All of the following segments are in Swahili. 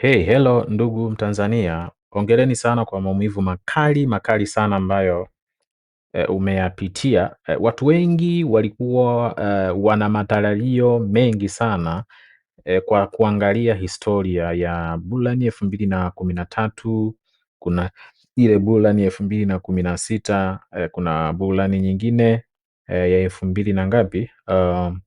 Hey, hello ndugu Mtanzania. ongereni sana kwa maumivu makali makali sana ambayo e, umeyapitia. E, watu wengi walikuwa e, wana matarajio mengi sana e, kwa kuangalia historia ya bulani elfu mbili na kumi na tatu, kuna ile bulani elfu mbili na kumi na sita, e, kuna bulani nyingine e, ya elfu mbili na ngapi? uh, um,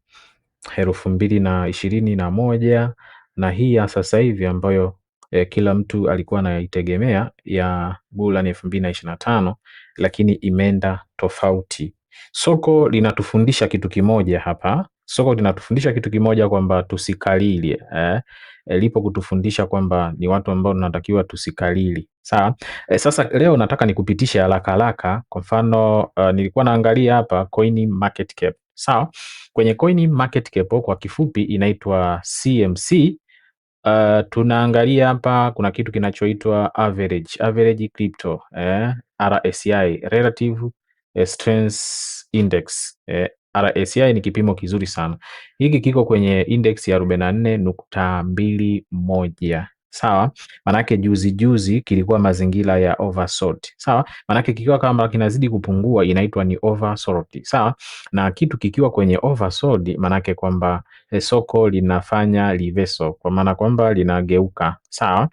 elfu mbili na ishirini na moja na hii ya sasa hivi ambayo eh, kila mtu alikuwa anaitegemea ya Bulan elfu mbili na ishirini na tano lakini imeenda tofauti. Soko linatufundisha kitu kimoja hapa, soko linatufundisha kitu kimoja kwamba tusikalili eh, eh lipo kutufundisha kwamba ni watu ambao tunatakiwa tusikalili. Sawa. E, sasa leo nataka nikupitisha haraka haraka. Kwa mfano uh, nilikuwa naangalia hapa coin market cap. Sawa. Kwenye coin market cap kwa kifupi inaitwa CMC Uh, tunaangalia hapa kuna kitu kinachoitwa average average crypto eh, RSI relative eh, strength index eh, RSI ni kipimo kizuri sana hiki, kiko kwenye index ya arobaini na nne nukta mbili moja sawa. Manake juzi juzi kilikuwa mazingira ya oversold, sawa. Manake kikiwa kama kinazidi kupungua inaitwa ni oversold, sawa. Na kitu kikiwa kwenye oversold, manake kwamba eh, soko linafanya reversal, kwa maana kwamba linageuka, sawa.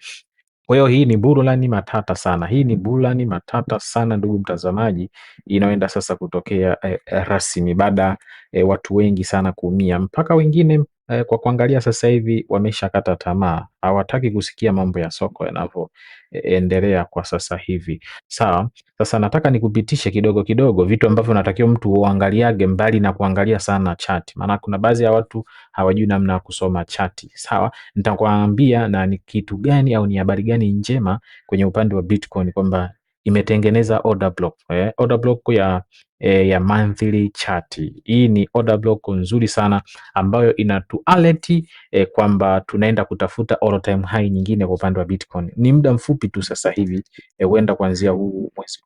Kwa hiyo hii ni burulani matata sana, hii ni burulani matata sana ndugu mtazamaji, inayoenda sasa kutokea eh, eh, rasmi baada eh, watu wengi sana kuumia mpaka wengine Eh, kwa kuangalia sasa hivi wameshakata tamaa, hawataki kusikia mambo ya soko yanavyoendelea e, kwa sasa hivi. Sawa, sasa nataka nikupitishe kidogo kidogo vitu ambavyo natakiwa mtu uangaliage, mbali na kuangalia sana chati, maana kuna baadhi ya watu hawajui namna ya kusoma chati. Sawa, nitakwambia na ni kitu gani au ni habari gani njema kwenye upande wa Bitcoin kwamba imetengeneza order block eh, order block ya, eh, ya monthly chart. Hii ni order block nzuri sana ambayo inatu alert eh, kwamba tunaenda kutafuta all time high nyingine kwa upande wa Bitcoin. Ni muda mfupi tu sasa hivi eh, huenda eh, kuanzia huu mwezi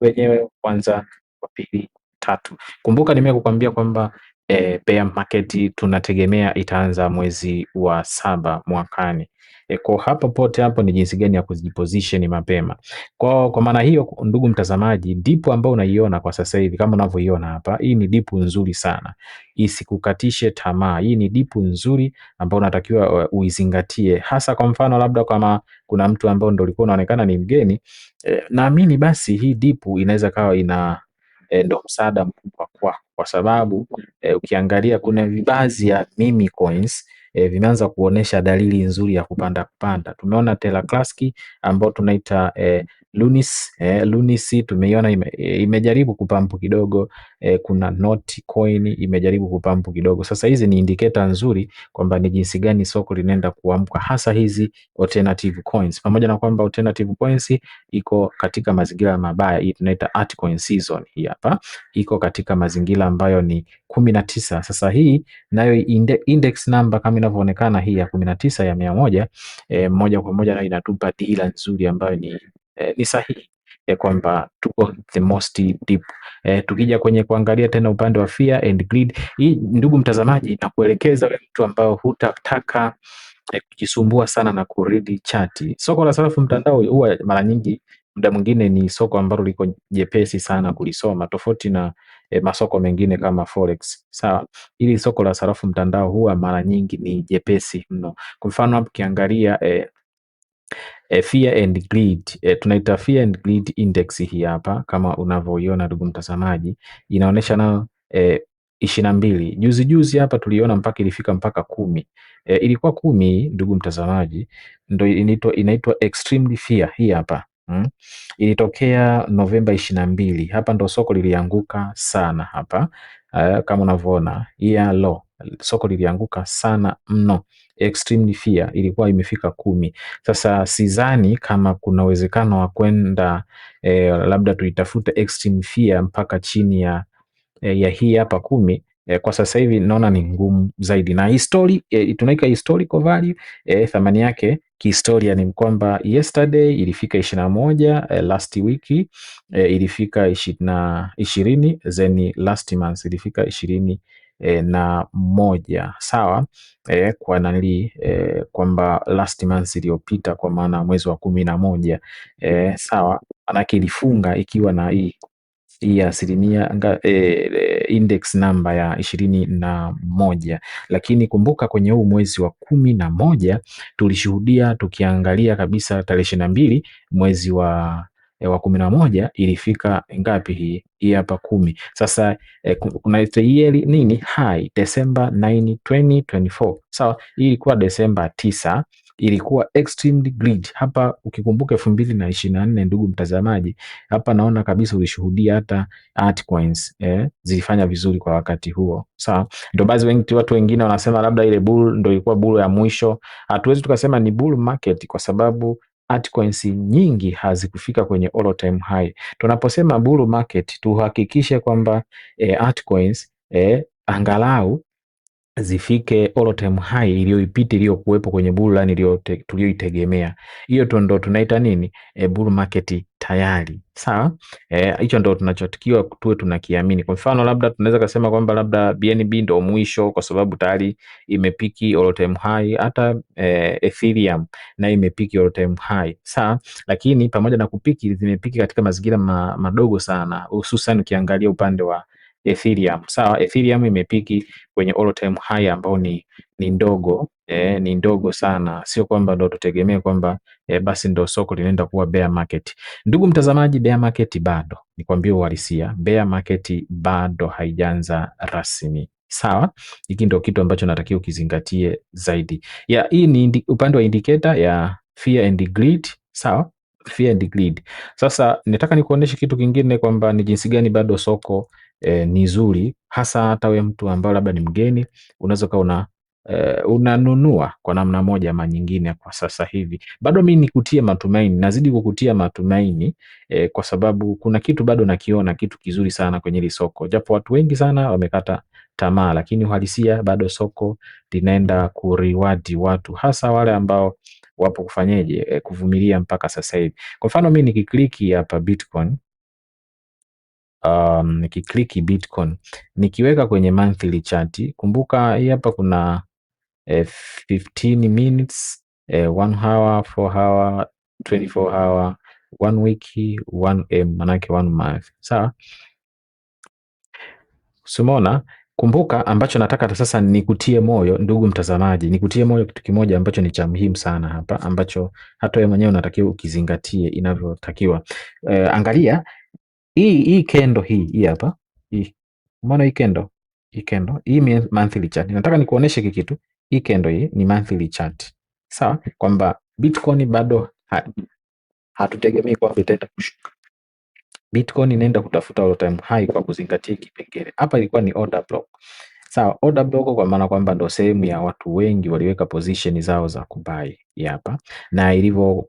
wenyewe kwanza wa pili tatu. Kumbuka nimekukwambia kwamba eh, bear market tunategemea itaanza mwezi wa saba mwakani. E, kwa hapa pote hapo ni jinsi gani ya kujiposition mapema. Kwa kwa maana hiyo, ndugu mtazamaji, dipu ambayo unaiona kwa sasa hivi kama unavyoiona hapa, hii ni dipu nzuri sana. Isikukatishe tamaa. Hii ni dipu nzuri ambayo unatakiwa eh, uizingatie. Hasa kwa mfano labda kama kuna mtu ambaye ndio ulikuwa unaonekana ni mgeni, e, naamini basi hii dipu inaweza kawa ina E, ndo msaada mkubwa kwa kwa sababu e, ukiangalia kuna vibazi ya Mimi coins e, vimeanza kuonesha dalili nzuri ya kupanda kupanda. Tumeona Tela Classic ambao tunaita e, Lunis e, Lunis tumeiona ime, e, imejaribu kupampu kidogo e, kuna Noti Coin imejaribu kupampu kidogo. Sasa hizi ni indicator nzuri kwamba ni jinsi gani soko linaenda kuamka, hasa hizi alternative coins, pamoja na kwamba alternative coins iko katika mazingira mabaya. Hii tunaita altcoin season, hii hapa iko katika mazingira ambayo ni kumi na tisa. Sasa hii nayo index number kama inavyoonekana hii ya kumi na tisa ya mia moja e, moja kwa moja nayo inatupa dira nzuri ambayo ni, e, ni sahihi e, kwamba tuko the most deep. E, tukija kwenye kuangalia tena upande wa fear and greed, hii ndugu mtazamaji, nakuelekeza wewe mtu ambao hutataka e, kujisumbua sana na kuridi chati. Soko la sarafu mtandao huwa mara nyingi muda mwingine ni soko ambalo liko jepesi sana kulisoma tofauti na e, masoko mengine kama forex. Sawa, ili soko la sarafu mtandao huwa mara nyingi ni jepesi mno. Kwa mfano hapo ukiangalia e, E, fear and greed e, tunaita fear and greed index hii hapa kama unavyoiona ndugu mtazamaji, inaonyesha na e, ishirini na mbili juzi juzi hapa tuliona mpaka ilifika mpaka kumi e, ilikuwa kumi ndugu mtazamaji, ndo inaitwa extremely fear hii hapa Mm. Ilitokea Novemba ishirini na mbili. Hapa ndo soko lilianguka sana hapa. Uh, kama unavyoona year low, soko lilianguka sana mno, extremely fear ilikuwa imefika kumi. Sasa sidhani kama kuna uwezekano wa kwenda eh, labda tuitafute extreme fear mpaka chini ya, eh, ya hii hapa kumi eh, kwa sasa hivi naona ni ngumu zaidi, na history, e, eh, tunaika historical value e, thamani yake kihistoria ni kwamba yesterday ilifika ishirini na moja eh, last week eh, ilifika ishirini then last month ilifika ishirini eh, na moja sawa eh, kwa nani eh, kwamba last month iliyopita kwa maana mwezi wa kumi na moja eh, sawa manake ilifunga ikiwa na hii ya asilimia anga, e, eh, eh, index namba ya ishirini na moja, lakini kumbuka kwenye huu mwezi wa kumi na moja tulishuhudia tukiangalia kabisa tarehe ishirini na mbili mwezi wa eh, wa kumi na moja ilifika ngapi? Hii hii hapa kumi. Sasa eh, kuna yearly nini hai December 9 2024, sawa. Hii ilikuwa desemba tisa ilikuwa extremely greed. Hapa ukikumbuka elfu mbili na ishirini na nne ndugu mtazamaji, hapa naona kabisa ulishuhudia hata altcoins eh, zilifanya vizuri kwa wakati huo, sawa. Ndio basi wengi watu wengine wanasema labda ile bull ndio ilikuwa bull ya mwisho. Hatuwezi tukasema ni bull market kwa sababu altcoins nyingi hazikufika kwenye all time high. Tunaposema bull market tuhakikishe kwamba eh, altcoins eh, angalau zifike all time high iliyoipita iliyokuwepo kwenye bull run tuliyoitegemea. Hiyo tu ndo tunaita nini, e, bull market tayari. Sawa, e, hicho e, ndo tunachotakiwa tuwe tunakiamini. Kwa mfano, labda tunaweza kusema kwamba labda BNB ndo mwisho, kwa sababu tayari imepiki all time high. Hata e, Ethereum na imepiki all time high sawa, lakini pamoja na kupiki zimepiki katika mazingira ma, madogo sana, hususan ukiangalia upande wa Ethereum. Sawa, Ethereum imepiki kwenye all time high ambao ni, ni ndogo eh, ni ndogo sana, sio kwamba ndo tutegemee kwamba eh, basi ndo soko linaenda kuwa bear market. Ndugu mtazamaji, bear market bado, nikwambie uhalisia, bear market bado haijaanza rasmi. Sawa, hiki ndo kitu ambacho natakiwa ukizingatie zaidi. Ya hii ni indi, upande wa indicator ya fear and greed, sawa fear and greed. Sasa nataka nikuoneshe kitu kingine kwamba ni jinsi gani bado soko e, ni zuri hasa hata wewe mtu ambaye labda ni mgeni unaweza kuwa una Uh, unanunua kwa namna moja ama nyingine kwa sasa hivi. Bado mimi nikutie matumaini, nazidi kukutia matumaini eh, kwa sababu kuna kitu bado nakiona kitu kizuri sana kwenye hili soko, japo watu wengi sana wamekata tamaa, lakini uhalisia bado soko linaenda kuriwadi watu hasa wale ambao wapo kufanyeje, eh, kuvumilia mpaka sasa hivi. Kwa mfano mimi nikikliki hapa Bitcoin um, nikikliki Bitcoin nikiweka kwenye monthly chart, kumbuka hii hapa kuna eh, 15 minutes eh, 1 hour 4 hour 24 hour 1 week 1 m manake 1 month sawa. Simona, kumbuka ambacho nataka hata sasa nikutie moyo ndugu mtazamaji, nikutie moyo kitu kimoja ambacho ni cha muhimu sana hapa, ambacho hata wewe mwenyewe unatakiwa ukizingatie inavyotakiwa. E, angalia hii hii kendo hii hii hapa hii, umeona hii kendo hii kendo hii monthly chart. Nataka nikuoneshe hiki kitu, hii kendo hii ni monthly chart, sawa, kwamba Bitcoin bado hatutegemei kwamba itaenda kushuka. Bitcoin inaenda kutafuta all time high kwa kuzingatia kipengele hapa, ilikuwa ni order block sawa. Order block kwa maana kwamba ndo sehemu ya watu wengi waliweka position zao za kubai hapa, na ilivyo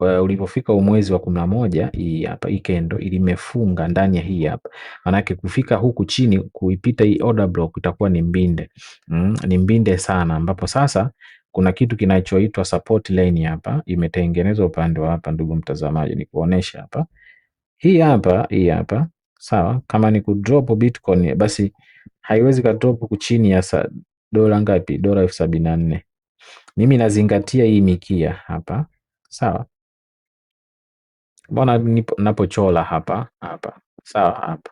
uh, ulipofika huu mwezi wa kumi na moja hii hapa hii candle ilimefunga ndani ya hii hapa, manake kufika huku chini kuipita hii order block itakuwa ni mbinde mm, ni mbinde sana, ambapo sasa kuna kitu kinachoitwa support line hapa imetengenezwa upande wa hapa. Ndugu mtazamaji, ni kuonesha hapa, hii hapa hii hapa sawa. Kama ni kudrop Bitcoin, basi haiwezi kadrop chini ya dola ngapi? Dola elfu sabini na nne. Mimi nazingatia hii mikia hapa, sawa Mbona napochola hapa hapa, sawa hapa,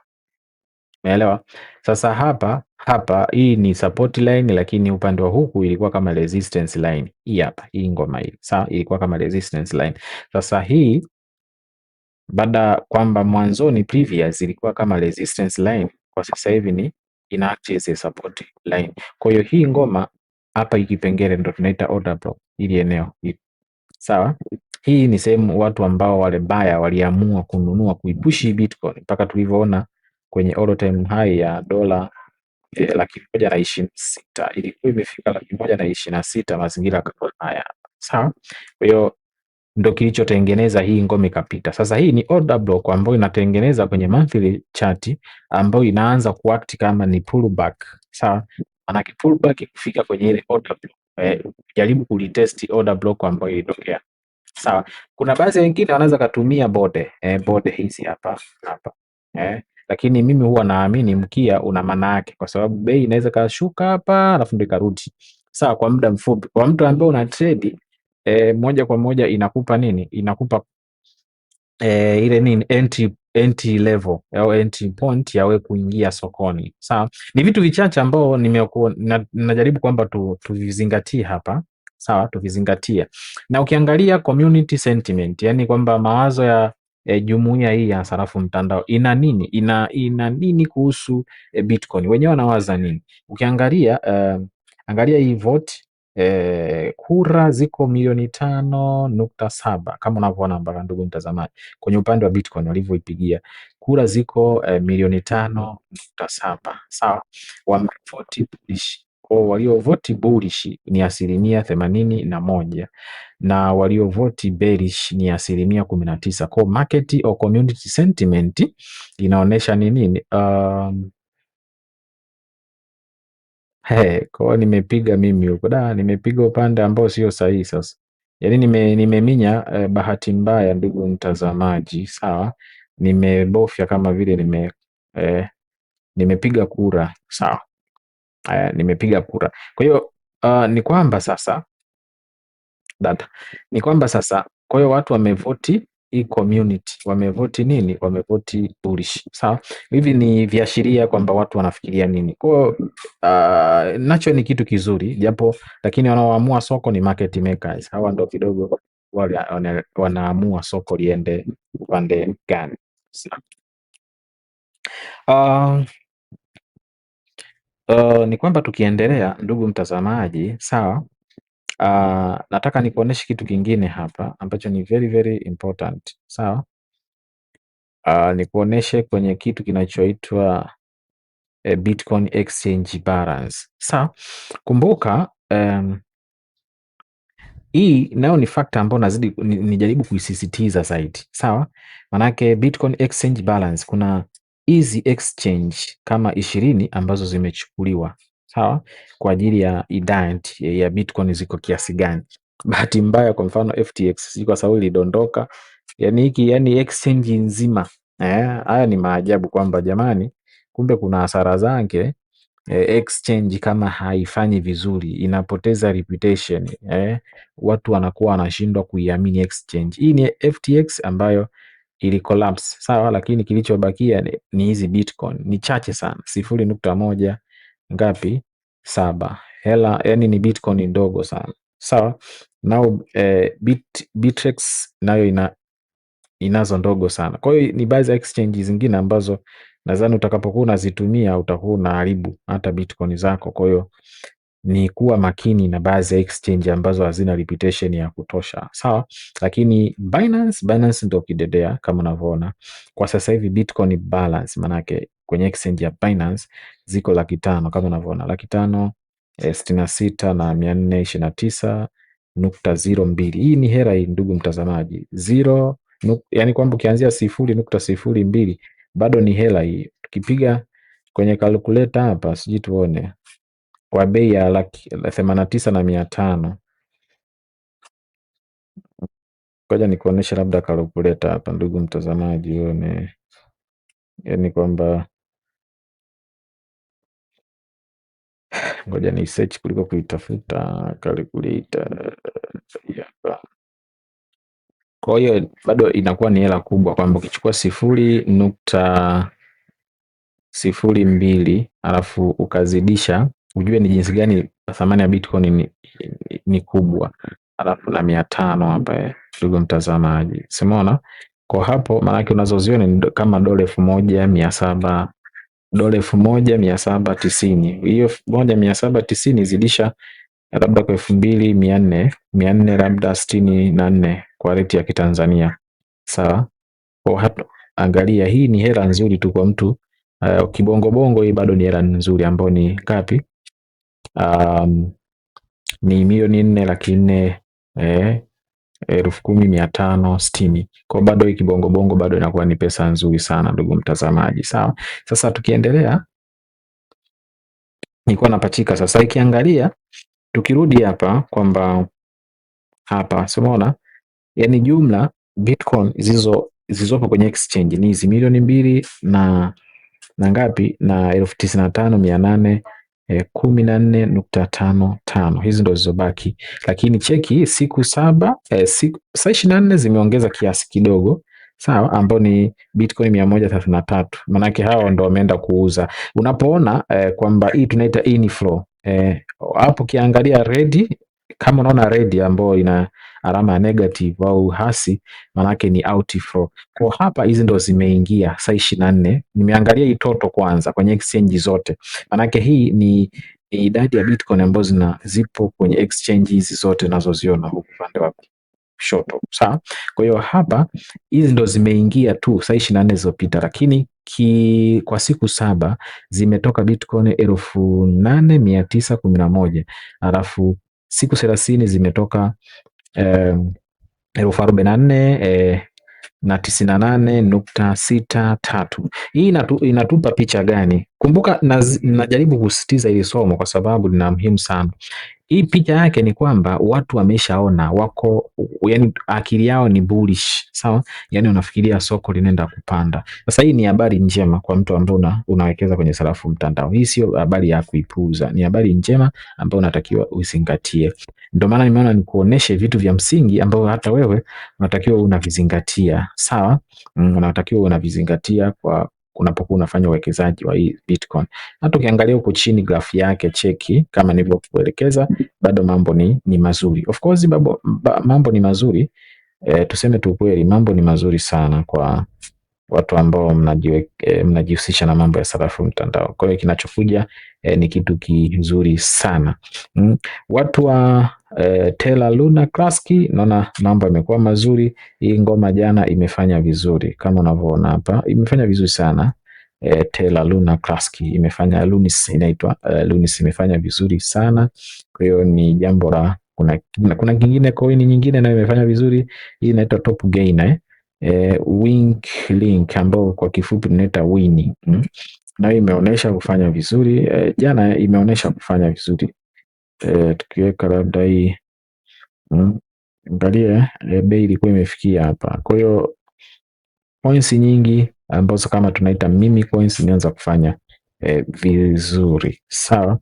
umeelewa? Sasa hapa hapa, hii ni support line, lakini upande wa huku ilikuwa kama resistance line. Hii hapa, hii ngoma hii, sawa, ilikuwa kama resistance line. Sasa hii baada kwamba mwanzoni previous ilikuwa kama resistance line, kwa sasa hivi ni ina act as a support line. Kwa hiyo hii ngoma hapa, ikipengele ndo tunaita order block, ili eneo sawa. Hii ni sehemu watu ambao wale baya waliamua kununua kuipushi Bitcoin mpaka tulivyoona kwenye all time high ya dola eh, laki moja na ishirini na sita ilikuwa imefika laki moja na ishirini na sita mazingira kama haya sawa. Kwa hiyo ndo kilichotengeneza hii ngoma ikapita. Sasa hii ni order block ambayo inatengeneza kwenye monthly chart ambayo inaanza kuact kama ni pullback sawa. Maana pullback kufika kwenye ile order block eh, jaribu kulitest order block ambayo ilitokea Sawa. Kuna baadhi wengine wanaweza wakatumia bode, eh, bode hizi hapa hapa. Eh, lakini mimi huwa naamini mkia una maana yake kwa sababu bei inaweza kashuka hapa alafu ndio karudi. Sawa, kwa muda mfupi. Kwa mtu ambaye una trade eh, moja kwa moja inakupa nini? Inakupa eh, ile nini entry entry level au entry point ya wewe kuingia sokoni. Sawa. Ni vitu vichache ambao nimekuwa najaribu kwamba tu, tuvizingatie hapa sawa, tukizingatia na ukiangalia community sentiment, yani kwamba mawazo ya E, jumuiya hii ya sarafu mtandao ina nini, ina ina nini kuhusu e, Bitcoin, wenyewe wanawaza nini? Ukiangalia uh, angalia hii vote e, kura ziko milioni tano nukta saba kama unavyoona mpaka, ndugu mtazamaji, kwenye upande wa Bitcoin walivyoipigia kura ziko e, milioni tano nukta saba sawa, wamevoti bullish waliovoti bullish ni asilimia themanini na moja na waliovoti bearish ni asilimia kumi na tisa Kwa market or community sentiment inaonyesha ni nini? Um, hey, kwa nimepiga mimi huko da, nimepiga upande ambao sio sahihi sasa yaani nime, nimeminya eh, bahati mbaya ndugu mtazamaji, sawa. Nimebofya kama vile nime eh, nimepiga kura sawa haya, nimepiga kura. Kwa hiyo uh, ni kwamba sasa data ni kwamba sasa, kwa hiyo watu wamevoti hii community, wamevoti nini? Wamevoti bullish. Sawa, hivi ni viashiria kwamba watu wanafikiria nini. Kwa hiyo uh, nacho ni kitu kizuri japo, lakini wanaoamua soko ni market makers. Hawa ndo kidogo wale wanaamua soko liende upande gani. Sawa. Uh, Uh, ni kwamba tukiendelea ndugu mtazamaji, sawa? Uh, nataka nikuoneshe kitu kingine hapa ambacho ni very very important, sawa? Uh, nikuoneshe kwenye kitu kinachoitwa uh, Bitcoin exchange balance, sawa? Kumbuka um, hii nayo ni factor ambayo nazidi nijaribu kuisisitiza zaidi, sawa? Manake Bitcoin exchange balance kuna hizi Exchange kama ishirini ambazo zimechukuliwa sawa, kwa ajili ya idant ya Bitcoin ziko kiasi gani. Bahati mbaya kwa mfano FTX si kwa sababu ilidondoka, yani hiki yani exchange nzima eh. Haya ni maajabu kwamba jamani, kumbe kuna hasara zake eh, exchange kama haifanyi vizuri inapoteza reputation eh, watu wanakuwa wanashindwa kuiamini exchange. Hii ni FTX ambayo ili collapse sawa, lakini kilichobakia ni hizi Bitcoin ni chache sana, sifuri nukta moja ngapi saba hela, yani ni Bitcoin ndogo sana sawa. Nao eh, Bit, Bittrex nayo ina inazo ndogo sana. Kwa hiyo ni baadhi ya exchange zingine ambazo nadhani utakapokuwa unazitumia utakuwa unaharibu hata Bitcoin zako, kwa hiyo ni kuwa makini na baadhi ya exchange ambazo hazina reputation ya kutosha sawa. Lakini Binance, Binance ndio kidedea kama unavyoona kwa sasa hivi, Bitcoin balance manake kwenye exchange ya Binance ziko laki tano kama unavyoona laki tano e, sitini na sita na mia nne ishirini na tisa nukta zero mbili. Hii ni hera hii ndugu mtazamaji zero nuk, yani kwamba ukianzia sifuri nukta sifuri mbili bado ni hela hii, tukipiga kwenye calculator hapa, sijui tuone kwa bei ya laki themanini na tisa na mia tano. Ngoja nikuoneshe labda kalkuleta hapa, ndugu mtazamaji, uone yani kwamba ngoja ni search kuliko kuitafuta calculator hapa. Kwa hiyo bado inakuwa ni hela kubwa, kwamba ukichukua sifuri nukta sifuri mbili alafu ukazidisha ujue ni jinsi gani thamani ya Bitcoin ni, ni kubwa, alafu na mia tano hapa ndugu eh, mtazamaji, simona kwa hapo, maanake unazoziona ni kama dola elfu moja mia saba dola elfu moja mia saba tisini hiyo elfu moja mia saba tisini zidisha labda kwa elfu mbili mia nne mia nne labda sitini na nne kwa reti ya Kitanzania sawa. Kwa hapo angalia, hii ni hela nzuri tu kwa mtu uh, kibongobongo. Hii bado ni hela nzuri ambayo ni ngapi? um, ni milioni nne laki nne eh, elfu kumi mia tano sitini kwao, bado hii kibongobongo bado inakuwa ni pesa nzuri sana, ndugu mtazamaji. Sawa, sasa tukiendelea, nilikuwa napachika sasa. Ikiangalia tukirudi hapa kwamba hapa simaona, yani jumla Bitcoin zizo zilizopo kwenye exchange ni hizi milioni mbili na na ngapi na elfu tisini na tano mia nane Eh, kumi na nne nukta tano tano. Hizi ndo zilizobaki, lakini cheki siku saba e, siku, saa ishirini na nne zimeongeza kiasi kidogo sawa, ambao ni Bitcoin mia moja thelathini na tatu. Manake hawa ndo wameenda kuuza. Unapoona e, kwamba hii tunaita inflow hapo e, ukiangalia redi kama unaona redi ambayo ina alama ya negative au hasi, manake ni outflow. Kwa hapa hizi ndo zimeingia saa 24. Nimeangalia hii toto kwanza kwenye exchange zote, manake hii ni idadi ya Bitcoin ambazo zina zipo kwenye exchange hizi zote unazoziona huku upande wa kushoto. Sawa, kwa hiyo hapa hizi ndo zimeingia tu saa 24 zilizopita, lakini Ki, kwa siku saba zimetoka Bitcoin elfu nane mia tisa kumi na moja alafu siku thelathini zimetoka eh, ero Faro Benanne e na tisini na nane nukta sita tatu. Hii inatu, inatupa picha gani? Kumbuka naz, najaribu kusisitiza hili somo kwa sababu lina muhimu sana. Hii picha yake ni kwamba watu wameshaona wako, yani akili yao ni bullish, sawa, yani unafikiria soko linaenda kupanda. Sasa hii ni habari njema kwa mtu ambaye unawekeza kwenye sarafu mtandao. Hii sio habari ya kuipuuza, ni habari njema ambayo unatakiwa uzingatie. Ndio maana nimeona nikuoneshe vitu vya msingi ambavyo hata wewe unatakiwa unavizingatia sawa, mm, unatakiwa unavizingatia kwa unapokuwa unafanya uwekezaji wa hii Bitcoin. Hata ukiangalia huko chini grafu yake, cheki kama nilivyokuelekeza, bado mambo ni, ni mazuri of course babo, ba, mambo ni mazuri e, tuseme tu kweli mambo ni mazuri sana kwa watu ambao eh, mnajihusisha na mambo ya sarafu mtandao. Kwa hiyo kinachokuja eh, ni kitu kizuri sana mm. Watu wa eh, Tela Luna Classic naona mambo yamekuwa mazuri. Hii ngoma jana imefanya vizuri kama unavyoona hapa, imefanya vizuri sana. E, eh, Tela Luna Classic imefanya Lunis inaitwa e, Lunis imefanya vizuri sana. Kwa hiyo ni jambo la kuna, kuna kingine coin nyingine nayo imefanya vizuri, hii inaitwa Top Gainer eh e, Wink Link ambao kwa kifupi tunaita Wini mm? nayo imeonyesha kufanya vizuri e, jana imeonyesha kufanya vizuri e, tukiweka labda hii mm? angalia e, bei ilikuwa imefikia hapa, kwa hiyo points nyingi ambazo kama tunaita mimi coins imeanza kufanya e, vizuri sawa.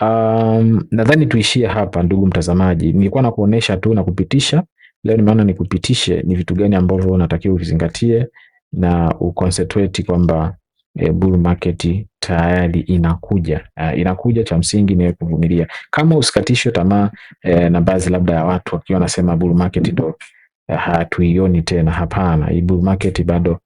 Um, nadhani tuishie hapa ndugu mtazamaji, nilikuwa na kuonesha tu na kupitisha Leo nimeona nikupitishe ni vitu gani ambavyo unatakiwa uvizingatie na uconcentrate kwamba e, bull market tayari inakuja. E, inakuja, cha msingi ni kuvumilia, kama usikatishwe tamaa e, na baadhi labda ya watu wakiwa nasema bull market ndo eh, hatuioni tena. Hapana, hii bull market bado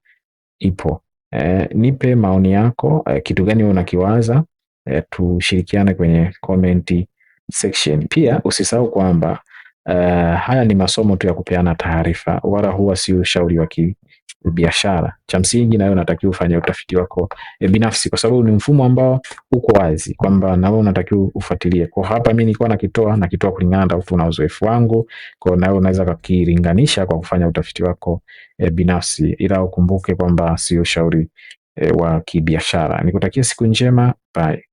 ipo. E, nipe maoni yako e, kitu gani unakiwaza e, tushirikiane kwenye comment section. Pia usisahau kwamba Uh, haya ni masomo tu ya kupeana taarifa, wala huwa si ushauri wa kibiashara. Cha msingi nayo unatakiwa ufanye utafiti wako e, binafsi, kwa sababu ni mfumo ambao uko wazi kwamba nawe unatakiwa ufuatilie. Kwa hapa mimi nilikuwa nakitoa nakitoa kulingana na utu na uzoefu wangu, kwa nawe unaweza kukilinganisha kwa kufanya utafiti wako e, binafsi, ila ukumbuke kwamba si ushauri e, wa kibiashara. Nikutakia siku njema, bye.